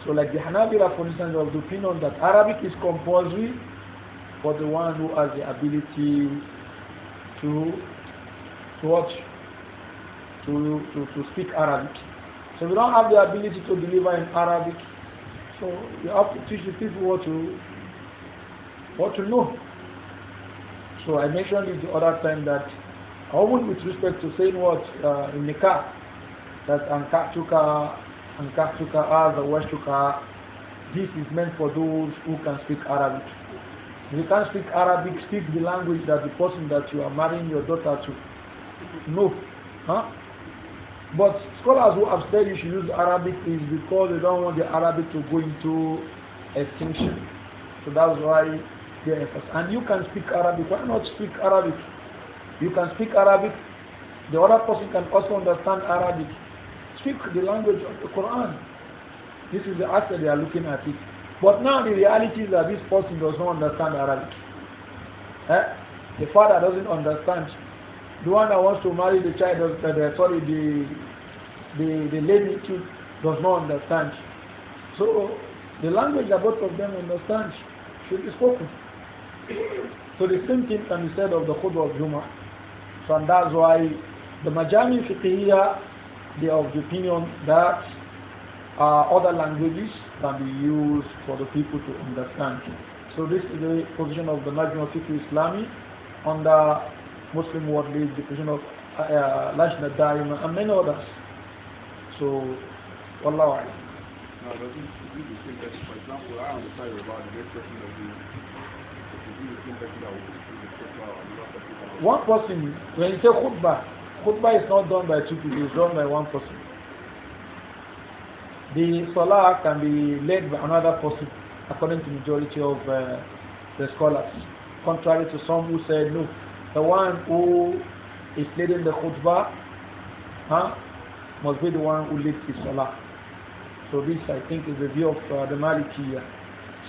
so like the Hanabila, for instance, of the opinion that Arabic is compulsory for the one who has the ability to to watch, to, to, to speak Arabic. So we don't have the ability to deliver in Arabic, so you have to teach the people what to what to know. So I mentioned it the other time that even with respect to saying what uh, in car that Anka'tuka, Anka'tuka Azawashtuka, this is meant for those who can speak Arabic. If you can't speak Arabic, speak the language that the person that you are marrying your daughter to know. Huh? But scholars who have said you should use Arabic is because they don't want the Arabic to go into extinction. So that's why they emphasize. And you can speak Arabic. Why not speak Arabic? You can speak Arabic. The other person can also understand Arabic speak the language of the Quran. This is the aspect they are looking at it. But now the reality is that this person does not understand Arabic. Eh? The father doesn't understand. The one that wants to marry the child, does, uh, sorry, the, the, the lady too does not understand. So the language that both of them understand should be spoken. So the same thing can be said of the Khudwa of Juma. So and that's why the Majami Fiqhiyya they are of the opinion that uh, other languages can be used for the people to understand. So this is the position of the National City Islami under Muslim World League, the position of uh, Lajna Daima and many others. So, Wallahu A'lam. No, but you, you think that, khutbah is not done by two people, it's done by one person. The salah can be led by another person, according to majority of uh, the scholars. Contrary to some who said no, the one who is leading the khutbah huh, must be the one who leads the salah. So this, I think, is the view of uh, the Maliki.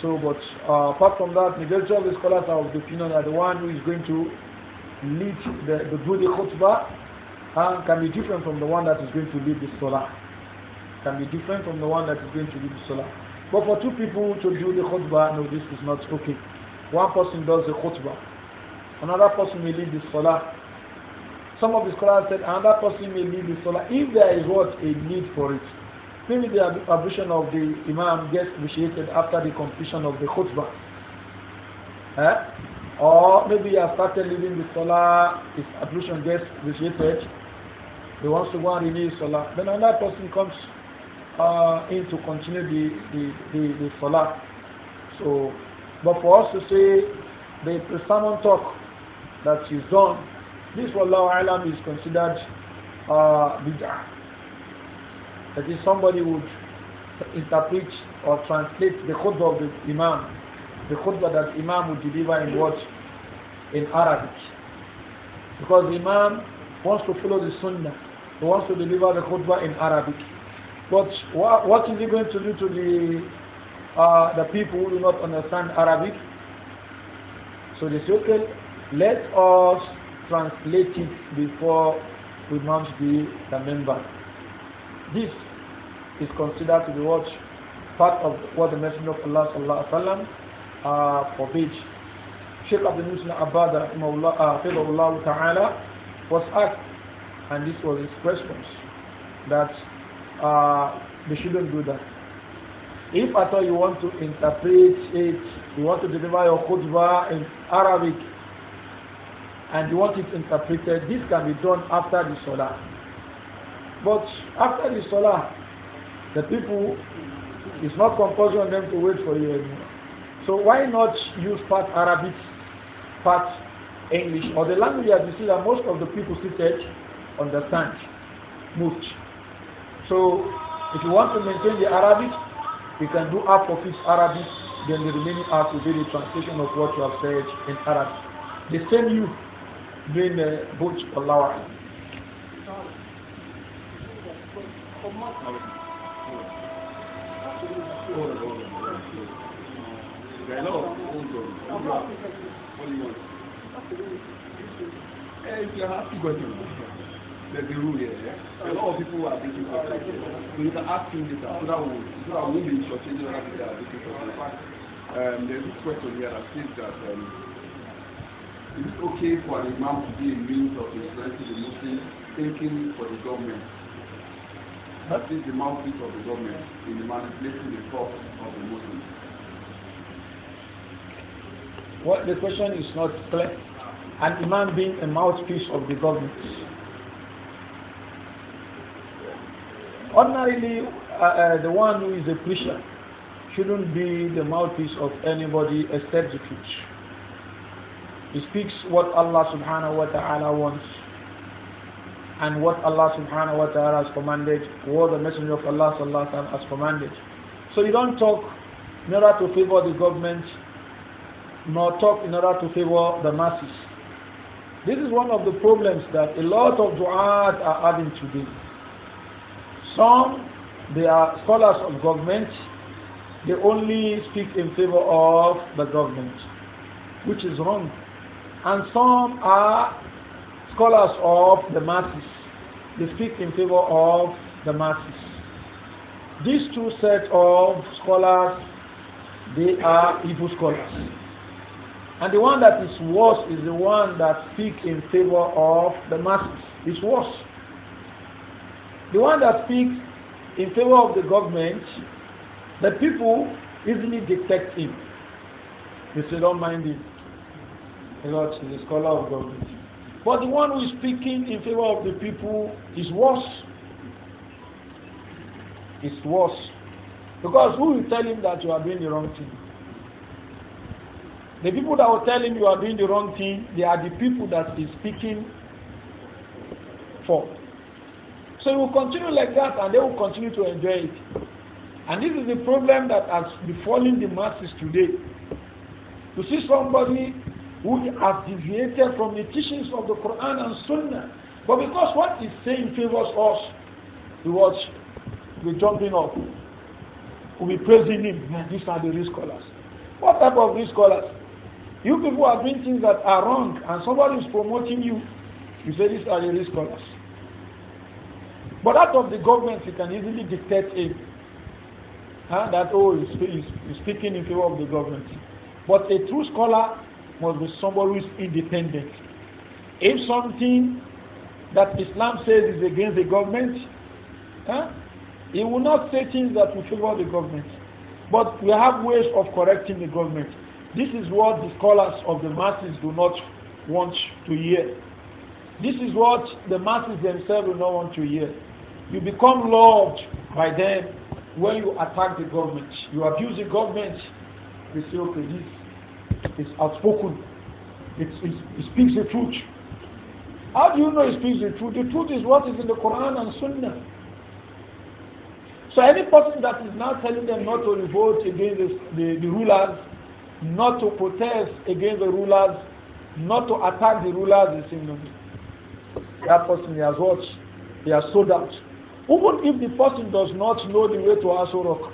So, but uh, apart from that, majority of the scholars are of the opinion that the one who is going to lead the, the do the khutbah can be different from the one that is going to lead the salah. Can be different from the one that is going to lead the salah. But for two people to do the khutbah, no, this is not okay. One person does the khutbah. Another person may lead the salah. Some of the scholars said another person may lead the salah if there is what a need for it. Maybe the ablution of the imam gets initiated after the completion of the khutbah. Eh? Or maybe you have started leading the salah, his ablution gets initiated he wants to go and renew his salah. Then another person comes uh, in to continue the, the, the, the salah. So, but for us to say the, the sermon talk that is done, this Wallahu Alam is considered uh, bid'ah. That is somebody would interpret or translate the khutbah of the Imam, the khutbah that Imam would deliver in what? In Arabic. Because Imam wants to follow the Sunnah. He wants to deliver the khutbah in Arabic. But what, what is he going to do to the, uh, the people who do not understand Arabic? So they say, okay, let us translate it before we mount the, the member. This is considered to be what part of what the Messenger of Allah sallallahu alaihi wasallam uh, forbids. Sheikh Abdul Muslim Allah uh, ta'ala, was asked and this was his response that uh, they shouldn't do that. If at all you want to interpret it, you want to deliver your khutbah in Arabic and you want it interpreted, this can be done after the Salah. But after the Salah, the people, it's not compulsory on them to wait for you anymore. So why not use part Arabic, part English, or the language that you see that most of the people still teach understand, much. So if you want to maintain the Arabic, you can do half of its Arabic, then the remaining half will be the translation of what you have said in Arabic. The same you bring the uh, book Hello, Hello. The a rule here. Yeah? A lot of people are taking for this. So you can ask him later so that so that we will shortchange short. people that are taking for this. Um, there's this question here that says that um, is it okay for an imam to be a means of influencing the Muslim thinking for the government? That is the mouthpiece of the government in manipulating the thoughts of the Muslims. What the question is not clear. An imam being a mouthpiece of the government. Ordinarily, uh, uh, the one who is a preacher shouldn't be the mouthpiece of anybody except the truth. He speaks what Allah subhanahu wa ta'ala wants and what Allah subhanahu wa ta'ala has commanded, what the Messenger of Allah sallallahu alaihi wasallam has commanded. So you don't talk in order to favor the government, nor talk in order to favor the masses. This is one of the problems that a lot of du'at are having today. Some, they are scholars of government. They only speak in favor of the government, which is wrong. And some are scholars of the masses. They speak in favor of the masses. These two sets of scholars, they are evil scholars. And the one that is worse is the one that speaks in favor of the masses. It's worse. The one that speaks in favor of the government, the people easily detect him. They say, don't mind him. You know, he's a scholar of government. But the one who is speaking in favor of the people is worse. It's worse. Because who will tell him that you are doing the wrong thing? The people that will tell him you are doing the wrong thing, they are the people that he's speaking for. So it will continue like that and they will continue to enjoy it. And this is the problem that has befallen the masses today. To see somebody who has deviated from the teachings of the Quran and Sunnah, but because what he's saying favors us, we watch, we jumping up, we'll be praising him. Man, these are the real scholars. What type of real scholars? You people are doing things that are wrong, and somebody is promoting you. You say these are the real scholars. But that of the government, you can easily dictate it. Huh? That, oh, is speaking in favor of the government. But a true scholar must be somebody who is independent. If something that Islam says is against the government, huh? he will not say things that will favor the government. But we have ways of correcting the government. This is what the scholars of the masses do not want to hear. This is what the masses themselves do not want to hear. You become loved by them when you attack the government. You abuse the government. They say, okay, this is outspoken. It, it, it speaks the truth. How do you know it speaks the truth? The truth is what is in the Quran and Sunnah. So any person that is now telling them not to revolt against the, the, the rulers, not to protest against the rulers, not to attack the rulers, is in that person he has watched, he has sold out. Even if the person does not know the way to Asurok,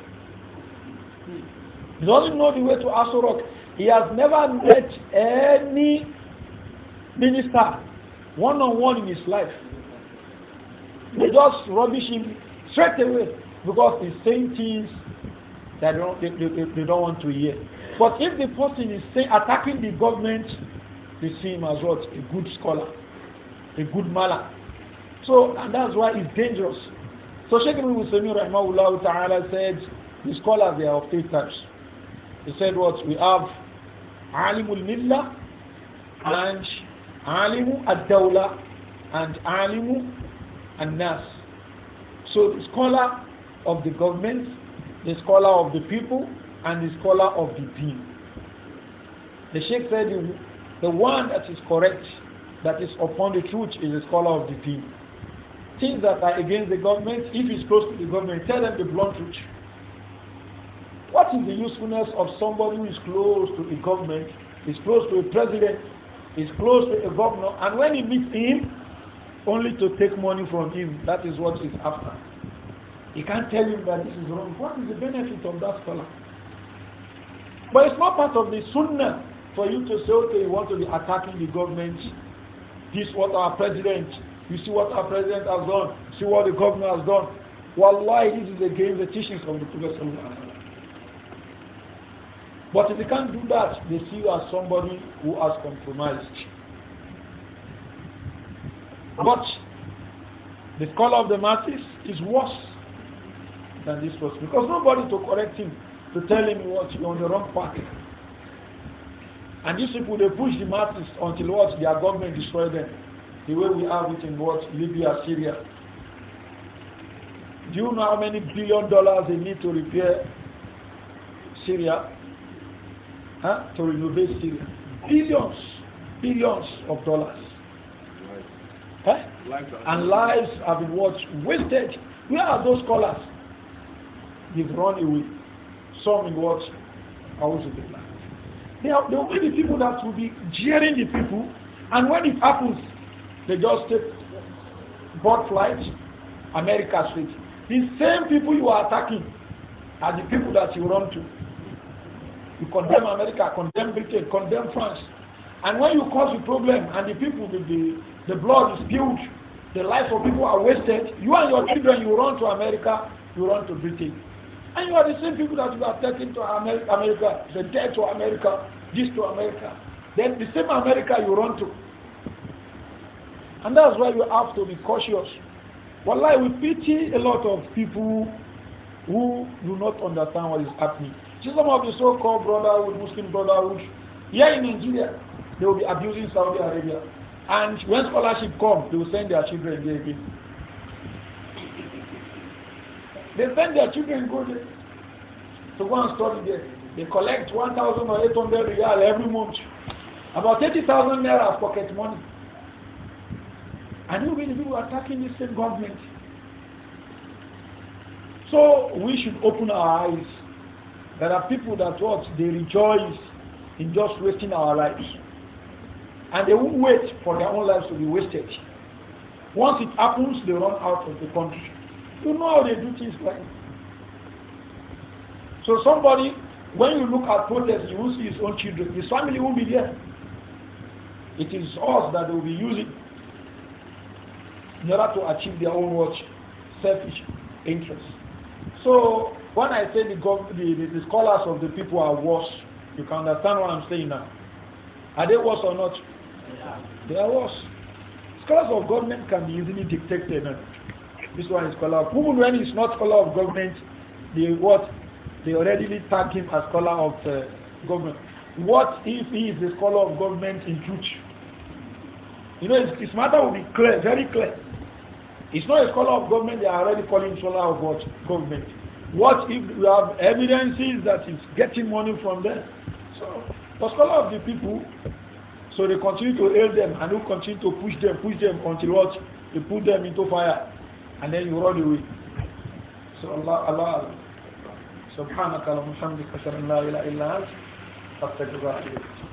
he doesn't know the way to Asurok, he has never met any minister one on one in his life. They just rubbish him straight away because he's saying things that they don't, they, they, they don't want to hear. But if the person is attacking the government, they see him as what? A good scholar, a good mala. So, and that's why it's dangerous. So Sheikh Ibn Muslimin rahimahullah ta'ala said, the scholars they are of three types. He said what? We have Alimul Millah and alimul Ad-Dawla and alimul An-Nas. So the scholar of the government, the scholar of the people, and the scholar of the deen. The Sheikh said the, the one that is correct, that is upon the truth, is the scholar of the deen things that are against the government, if it's close to the government, tell them the blunt truth. What is the usefulness of somebody who is close to a government, is close to a president, is close to a governor, and when he meets him, only to take money from him? That is what he's after. He can't tell him that this is wrong. What is the benefit of that fellow? But it's not part of the sunnah for you to say, okay, you want to be attacking the government, this what our president, you see what our president has done. See what the governor has done. Wallahi, this is against the teachings of the Prophet But if they can't do that, they see you as somebody who has compromised. But the color of the masses is worse than this person because nobody to correct him, to tell him what you're on the wrong path. And these people, they push the masses until what their government destroy them the way we have it in what Libya, Syria. Do you know how many billion dollars they need to repair Syria? Huh? To renovate Syria. Billions, billions of dollars. Huh? And lives have been what? Wasted. Where are those scholars? They've run away. Some in what? They are, they will be the people that will be jeering the people. And when it happens, they just take board flights America Street. The same people you are attacking are the people that you run to. You condemn America, condemn Britain, condemn France. And when you cause a problem and the people, the, the, the blood is spilled, the lives of people are wasted, you and your children, you run to America, you run to Britain. And you are the same people that you are taking to America, America the dead to America, this to America. Then the same America you run to. And that's why you have to be cautious. I we pity a lot of people who do not understand what is happening. See some of the so-called brotherhood, Muslim brotherhood, here in Nigeria, they will be abusing Saudi Arabia. And when scholarship comes, they will send their children there again. They send their children go there to go and study there. They collect eight hundred riyal every month. About 80,000 naira as pocket money. And you will be the people attacking the same government. So we should open our eyes. There are people that what they rejoice in just wasting our lives. And they won't wait for their own lives to be wasted. Once it happens, they run out of the country. You know how they do things like that. So somebody, when you look at protests, you will see his own children. His family will be there. It is us that will be using in order to achieve their own what selfish interest. So when I say the, the, the, scholars of the people are worse, you can understand what I'm saying now. Are they worse or not? They are worse. Scholars of government can be easily detected. This one is scholar. Even when he's not scholar of government, they what they already tag him as scholar of uh, government. What if he is a scholar of government in future? You know, his, matter will be clear, very clear. It's not a scholar of government, they are already calling scholar of what? Government. What if you have evidences that he's getting money from them? So, the scholar of the people, so they continue to help them and who continue to push them, push them until what? You put them into fire and then you run away. So Allah, Allah, Allah, اللهم وبحمدك اشهد Allah, Allah, Allah,